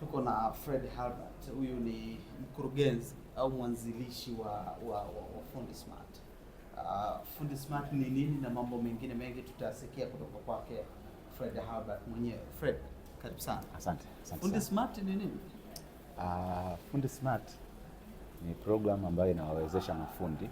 Tuko na Fred Halbert, huyu ni mkurugenzi au mwanzilishi wa, wa, wa, wa Fundi Smart. Uh, Fundi Smart ni nini na mambo mengine mengi tutasikia kutoka kwake Fred Halbert mwenyewe. Fred, karibu sana. Asante, asante. Fundi Smart ni nini? Uh, Fundi Smart ni programu ambayo inawawezesha mafundi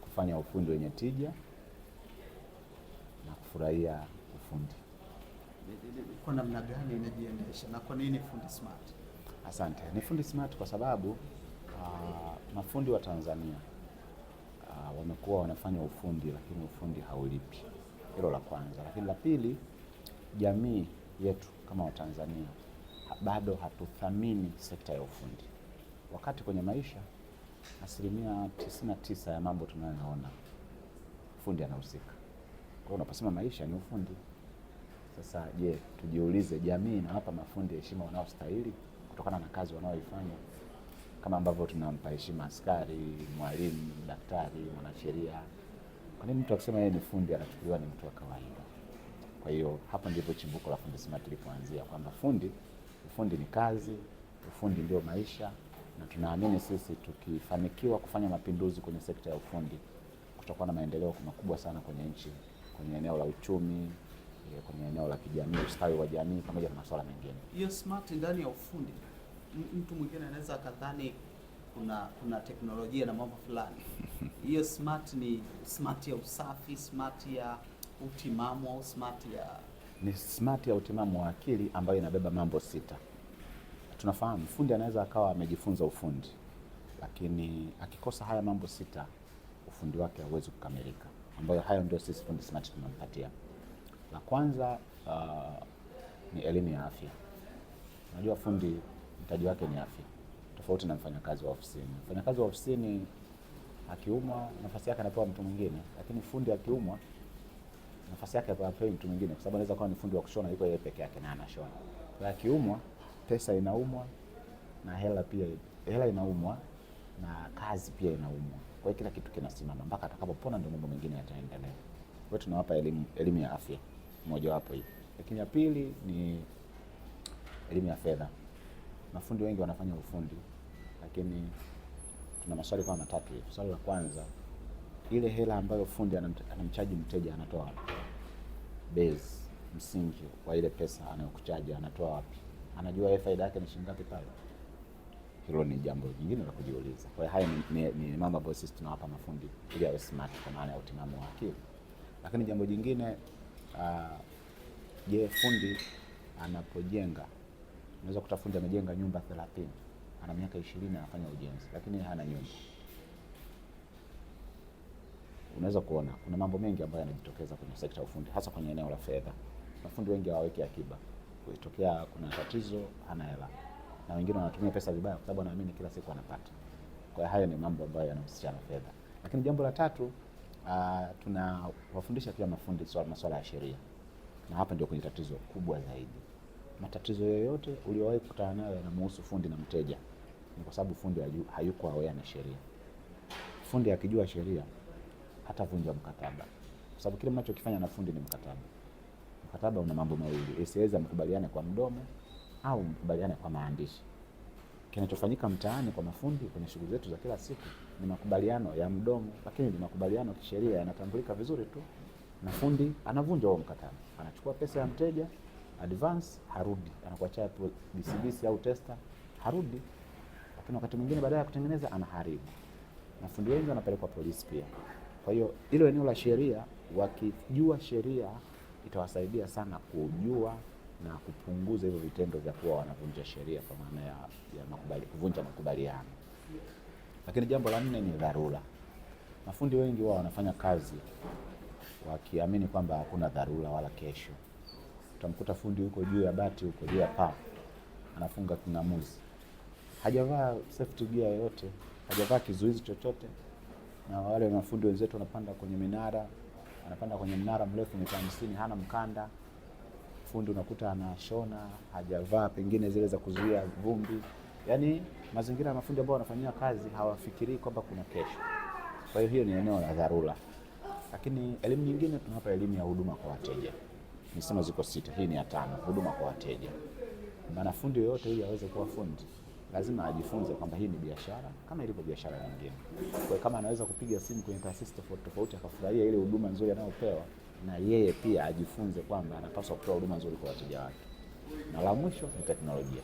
kufanya ufundi wenye tija na kufurahia ufundi kwa namna gani inajiendesha na kwa nini Fundi Smart? Asante. Ni Fundi Smart kwa sababu uh, mafundi wa Tanzania uh, wamekuwa wanafanya ufundi lakini ufundi haulipi. Hilo la kwanza, lakini la pili, jamii yetu kama Watanzania bado hatuthamini sekta ya ufundi, wakati kwenye maisha asilimia tisini na tisa ya mambo tunayoyaona fundi anahusika. Kwa hiyo unaposema maisha ni ufundi. Sasa je, tujiulize, jamii inawapa mafundi heshima wanaostahili kutokana na kazi wanaoifanya, kama ambavyo tunampa heshima askari, mwalimu, daktari, mwanasheria. Kwa nini mtu akisema yeye ni fundi anachukuliwa ni mtu wa kawaida? Kwa hiyo hapo ndipo chimbuko la Fundi Smart lilipoanzia kwamba fundi, ufundi ni kazi, ufundi ndio maisha, na tunaamini sisi tukifanikiwa kufanya mapinduzi kwenye sekta ya ufundi, kutakuwa na maendeleo makubwa sana kwenye nchi, kwenye eneo la uchumi Eh, kwenye eneo la kijamii, ustawi wa jamii pamoja na masuala mengine. Hiyo smart ndani ya ufundi, mtu mwingine anaweza akadhani kuna kuna teknolojia na mambo fulani. Hiyo smart ni smart ya usafi, smart ya utimamu, smart ya ni smart ya utimamu wa akili ambayo inabeba mambo sita. Tunafahamu fundi anaweza akawa amejifunza ufundi, lakini akikosa haya mambo sita, ufundi wake hauwezi kukamilika, ambayo hayo ndio sisi fundi smart tunampatia. La kwanza uh, ni elimu ya afya. Unajua fundi mtaji wake ni afya, tofauti na mfanyakazi wa ofisini. Mfanyakazi wa ofisini akiumwa, nafasi yake anapewa mtu mwingine, lakini fundi akiumwa, nafasi yake hapewi mtu mwingine, kwa sababu anaweza kuwa ni fundi wa kushona, yuko yeye peke yake na anashona. Kwa hiyo akiumwa, pesa inaumwa na hela pia, hela inaumwa na kazi pia inaumwa. Kwa hiyo kila kitu kinasimama mpaka atakapopona, ndio mambo mengine yataendelea. Kwa hiyo tunawapa elimu, elimu ya afya mojawapo hiyo. Lakini ya pili ni elimu ya fedha. Mafundi wengi wanafanya ufundi, lakini tuna maswali kama matatu hivi. Swali la kwanza, ile hela ambayo fundi anamchaji mteja anatoa wapi? base msingi wa ile pesa anayokuchaji anatoa wapi? Anajua yeye faida yake ni shilingi ngapi pale? Hilo ni jambo jingine la kujiuliza. Kwa hiyo haya ni, ni, ni mambo ambayo sisi tunawapa mafundi ili awe smart, kwa maana ya utimamu wa akili. Lakini jambo jingine Ah, je, uh, fundi anapojenga, unaweza kuta fundi amejenga nyumba thelathini, ana miaka ishirini anafanya ujenzi, lakini hana nyumba. Unaweza kuona kuna mambo mengi ambayo yanajitokeza kwenye sekta ya ufundi, hasa kwenye eneo la fedha. Mafundi wengi hawaweki akiba, kuitokea kuna tatizo, hana hela, na wengine wanatumia pesa vibaya, kwa sababu wanaamini kila siku anapata. Kwa hiyo hayo ni mambo ambayo yanahusiana na fedha. Lakini jambo la tatu uh, tunawafundisha pia mafundi masuala ya sheria, na hapa ndio kwenye tatizo kubwa zaidi. Matatizo yoyote uliowahi kukutana nayo yanamhusu fundi na mteja, ni kwa sababu fundi hayuko aware na sheria. Fundi akijua sheria hatavunja mkataba, kwa sababu kile mnachokifanya na fundi ni mkataba. Mkataba una mambo mawili, isiweza eh, mkubaliane kwa mdomo au mkubaliane kwa maandishi. Kinachofanyika mtaani kwa mafundi kwenye shughuli zetu za kila siku ni makubaliano ya mdomo, lakini ni makubaliano kisheria, yanatambulika vizuri tu, na fundi anavunja huo mkataba, anachukua pesa ya mteja advance, harudi, anakuachia tu bisibisi au testa, harudi. Lakini wakati mwingine baadaye ya kutengeneza anaharibu, na fundi wengi wanapelekwa polisi pia. Kwa hiyo hilo eneo la sheria, wakijua sheria itawasaidia sana kujua na kupunguza hivyo vitendo vya kuwa wanavunja sheria kwa maana ya, ya makubali, kuvunja makubaliano. Lakini jambo la nne ni dharura. Mafundi wengi wao wanafanya kazi wakiamini kwamba hakuna dharura wala kesho. Utamkuta fundi huko juu ya bati huko juu ya paa anafunga king'amuzi, hajavaa safety gear yoyote, hajavaa kizuizi chochote. Na wale mafundi wenzetu wanapanda kwenye minara, anapanda kwenye mnara mrefu mita hamsini, hana mkanda. Fundi unakuta anashona, hajavaa pengine zile za kuzuia vumbi yani mazingira ya mafundi ambao wanafanyia kazi hawafikirii kwamba kuna kesho. Kwa hiyo hiyo ni eneo la dharura, lakini elimu nyingine tunapa elimu ya huduma kwa wateja. Nisema ziko sita, hii ni ya tano, huduma kwa wateja. Mwanafundi yoyote ili aweze kuwa fundi lazima ajifunze kwamba hii ni biashara kama ilivyo biashara nyingine. Kwa kama anaweza kupiga simu kwenye taasisi tofauti tofauti akafurahia ile huduma nzuri anayopewa, na yeye pia ajifunze kwamba anapaswa kutoa huduma nzuri kwa wateja wake. Na la mwisho ni teknolojia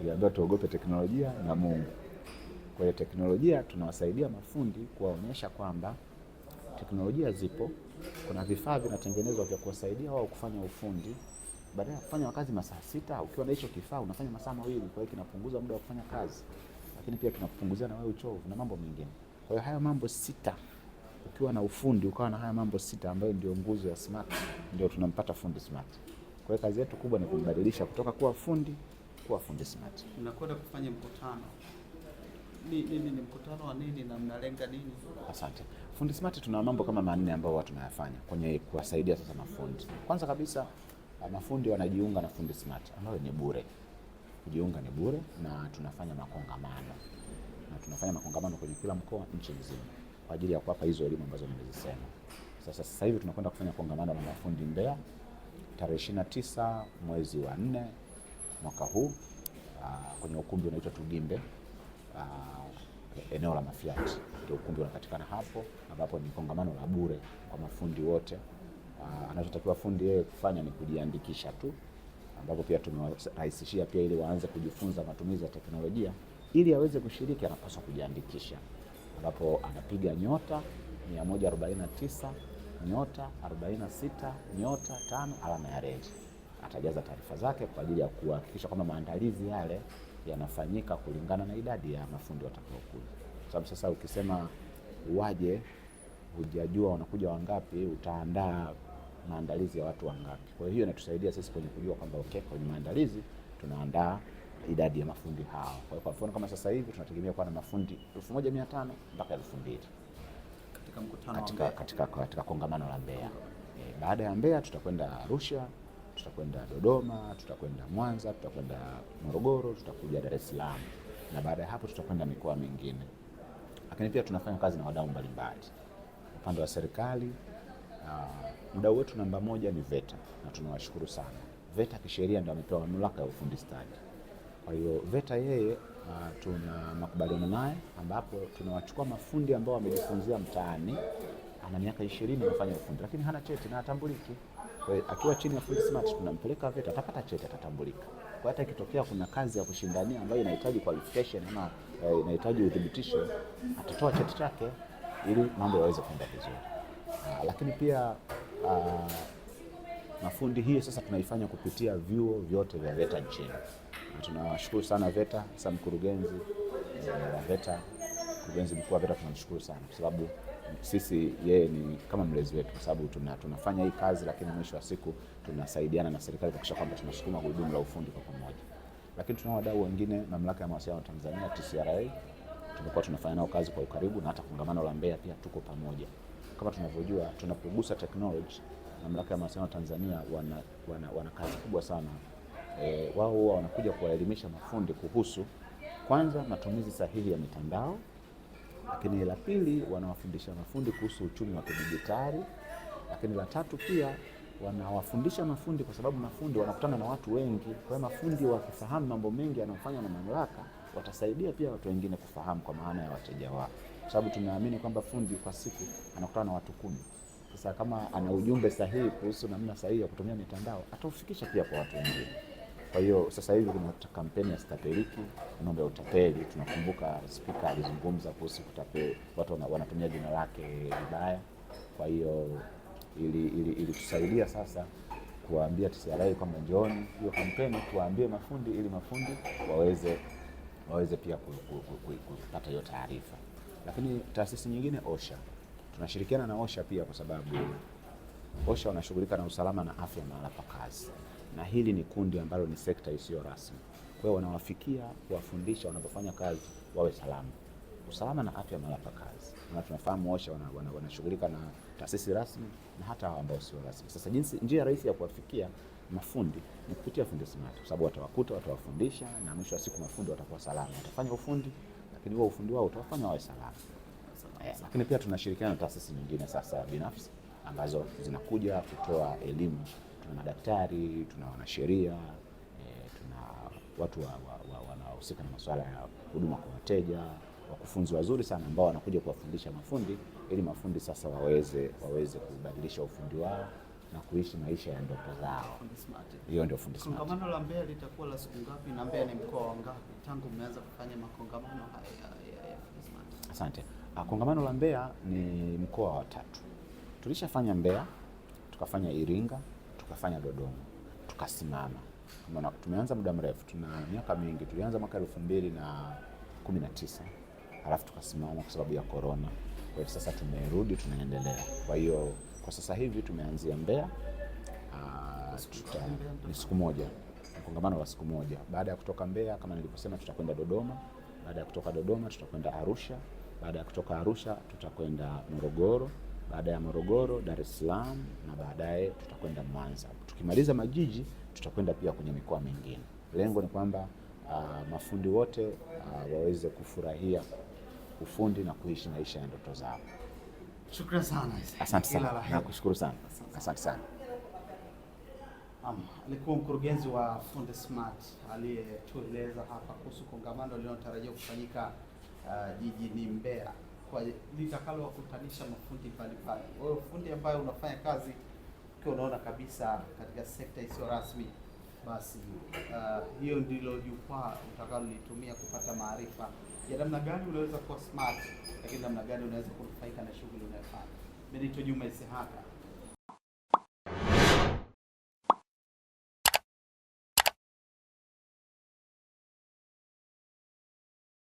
tuliambiwa tuogope teknolojia na Mungu. Kwa hiyo teknolojia tunawasaidia mafundi kuwaonyesha kwamba teknolojia zipo, kuna vifaa vinatengenezwa vya kuwasaidia wao kufanya ufundi. Badala ya kufanya kazi masaa sita, ukiwa na hicho kifaa unafanya masaa mawili. Kwa hiyo kinapunguza muda wa kufanya kazi, lakini pia kinapunguzia na wewe uchovu na mambo mengine. Kwa hiyo hayo mambo sita, ukiwa na ufundi ukawa na haya mambo sita ambayo ndio nguzo ya smart, ndio tunampata fundi smart. Kwa hiyo kazi yetu kubwa ni kumbadilisha kutoka kuwa fundi fundi smart. Mnakwenda kufanya mkutano ni, ni, ni, mkutano wa nini na mnalenga nini? Asante. Fundi smart tuna mambo kama manne ambayo watu tunayafanya kwenye kuwasaidia sasa mafundi. Kwanza kabisa uh, mafundi wanajiunga na fundi smart ambayo ni bure, kujiunga ni bure, na tunafanya makongamano na tunafanya makongamano kwenye kila mkoa nchi nzima kwa ajili ya kuwapa hizo elimu ambazo nimezisema. Sasa sasa hivi tunakwenda kufanya kongamano la mafundi Mbeya tarehe 29 mwezi wa nne mwaka huu uh, kwenye ukumbi unaitwa Tugimbe uh, eneo la Mafiati ndio ukumbi unapatikana hapo, ambapo ni kongamano la bure kwa mafundi wote. Uh, anachotakiwa fundi yeye kufanya ni kujiandikisha tu, ambapo pia tumewarahisishia pia ili waanze kujifunza matumizi ya teknolojia. Ili aweze kushiriki, anapaswa kujiandikisha, ambapo anapiga nyota 149 nyota 46 nyota 5 alama ya reli atajaza taarifa zake kwa ajili ya kuhakikisha kwamba maandalizi yale yanafanyika kulingana na idadi ya mafundi watakaokuja, kwa sababu sasa ukisema waje hujajua wanakuja wangapi, utaandaa maandalizi ya watu wangapi. Kwa hiyo inatusaidia sisi kwenye kujua kwamba okay, kwenye maandalizi tunaandaa idadi ya mafundi hao. Kwa hiyo kwa mfano kama sasa hivi tunategemea kuwa na mafundi 1500 mpaka 2000 katika mkutano katika, katika, katika kongamano la Mbeya. E, baada ya Mbeya tutakwenda Arusha tutakwenda Dodoma, tutakwenda Mwanza, tutakwenda Morogoro, tutakuja Dar es Salaam na baada ya hapo tutakwenda mikoa mingine. Lakini pia tunafanya kazi na wadau mbalimbali upande wa serikali. Uh, mdau wetu namba moja ni VETA na tunawashukuru sana VETA. Kisheria ndio amepewa mamlaka ya ufundi stadi, kwa hiyo VETA yeye Uh, tuna makubaliano naye ambapo tunawachukua mafundi ambao wamejifunzia mtaani, ana miaka ishirini anafanya ufundi, lakini hana cheti na hatambuliki. Kwa hiyo akiwa chini ya fundi smart tunampeleka VETA, atapata cheti, atatambulika. Kwa hata ikitokea kuna kazi ya kushindania ambayo inahitaji qualification ama eh, inahitaji udhibitisho, atatoa cheti chake ili mambo yaweze kwenda vizuri. Ah, lakini pia ah, mafundi hii sasa tunaifanya kupitia vyuo vyote vya VETA nchini. Tunawashukuru sana VETA, hasa mkurugenzi wa eh, VETA Mkurugenzi mkuu wa VETA tunamshukuru sana kwa sababu sisi yeye ni kama mlezi wetu, kwa sababu tuna, tunafanya hii kazi, lakini mwisho wa siku tunasaidiana na serikali kuhakikisha kwamba tunasukuma gurudumu la ufundi kwa pamoja. Lakini tuna wadau wengine, mamlaka ya mawasiliano Tanzania TCRA, tumekuwa tunafanya nao kazi kwa ukaribu na hata kongamano la Mbeya pia tuko pamoja. Kama tunavyojua tunapogusa technology, mamlaka ya mawasiliano Tanzania wana, wana, wana kazi kubwa sana e, wao huwa wanakuja kuwaelimisha mafundi kuhusu kwanza matumizi sahihi ya mitandao lakini la pili, wanawafundisha mafundi kuhusu uchumi wa kidijitali. Lakini la tatu pia wanawafundisha mafundi kwa sababu mafundi wanakutana na watu wengi. Kwa hiyo mafundi wakifahamu mambo mengi yanayofanywa na mamlaka, watasaidia pia watu wengine kufahamu, kwa maana ya wateja wao, kwa sababu tunaamini kwamba fundi kwa siku anakutana na watu kumi. Sasa kama ana ujumbe sahihi kuhusu namna sahihi ya kutumia mitandao, ataufikisha pia kwa watu wengine. Kwa hiyo sasa hivi kuna kampeni ya sitapeliki, mambo ya utapeli. Tunakumbuka spika alizungumza kuhusu kutapeli, watu wanatumia jina lake vibaya. Kwa hiyo ilitusaidia ili, ili sasa kuwaambia TCRA kwamba njooni hiyo kampeni tuwaambie mafundi ili mafundi waweze waweze pia kupata hiyo taarifa. Lakini taasisi nyingine OSHA, tunashirikiana na OSHA pia kwa sababu OSHA wanashughulika na usalama na afya mahala pa kazi na hili ni kundi ambalo ni sekta isiyo rasmi. Kwa hiyo wanawafikia kuwafundisha, wanapofanya kazi wawe salama, usalama na afya mahali pa kazi, na tunafahamu OSHA wanashughulika wana, wana na taasisi rasmi na hata hao ambao sio rasmi. Sasa jinsi, njia rahisi ya kuwafikia mafundi ni kupitia Fundi Smart, kwa sababu watawakuta, watawafundisha na mwisho wa siku mafundi watakuwa salama, watafanya ufundi, lakini huo ufundi wao utawafanya wawe salama. Yeah, lakini pia tunashirikiana na taasisi nyingine sasa binafsi ambazo zinakuja kutoa elimu tuna madaktari, tuna wanasheria e, tuna watu wanaohusika wa, wa, na masuala ya huduma kwa wateja, wakufunzi wazuri sana ambao wanakuja kuwafundisha mafundi ili mafundi sasa waweze, waweze kubadilisha ufundi wao na kuishi maisha ya ndoto zao. Hiyo ndio Fundi Smart. Kongamano la Mbeya litakuwa la siku ngapi na Mbeya ni mkoa wa ngapi tangu mmeanza kufanya makongamano haya ya Fundi Smart? Asante. Ah, kongamano la Mbeya ni mkoa wa tatu, tulishafanya Mbeya, tukafanya Iringa tukafanya Dodoma, tukasimama. Tumeanza muda mrefu, tuna miaka mingi. Tulianza mwaka elfu mbili na kumi na tisa halafu tukasimama kwa sababu ya korona. Kwa hiyo sasa tumerudi, tunaendelea. Kwa hiyo kwa sasa hivi tumeanzia Mbeya, ah, ni siku moja, mkongamano wa siku moja. Baada ya kutoka Mbeya, kama nilivyosema, tutakwenda Dodoma. Baada ya kutoka Dodoma, tutakwenda Arusha. Baada ya kutoka Arusha, tutakwenda Morogoro baada ya Morogoro, Dar es Salaam na baadaye tutakwenda Mwanza. Tukimaliza majiji, tutakwenda pia kwenye mikoa mingine. Lengo ni kwamba uh, mafundi wote uh, waweze kufurahia ufundi na kuishi maisha ya ndoto zao. Shukrani sana. Asante sana. Nakushukuru sana. Asante sana. alikuwa mkurugenzi wa Fundi Smart aliyetueleza hapa kuhusu kongamano linalotarajiwa kufanyika uh, jijini Mbeya kwa litakalo mafundi mbalimbali. Kwa fundi ambayo unafanya kazi ukiwa unaona kabisa katika sekta isiyo rasmi, basi uh, hiyo ndilo jukwaa utakalolitumia kupata maarifa ya namna gani unaweza kuwa smart, lakini namna gani unaweza kunufaika na shughuli unayofanya. Mimi naitwa Juma Isihaka.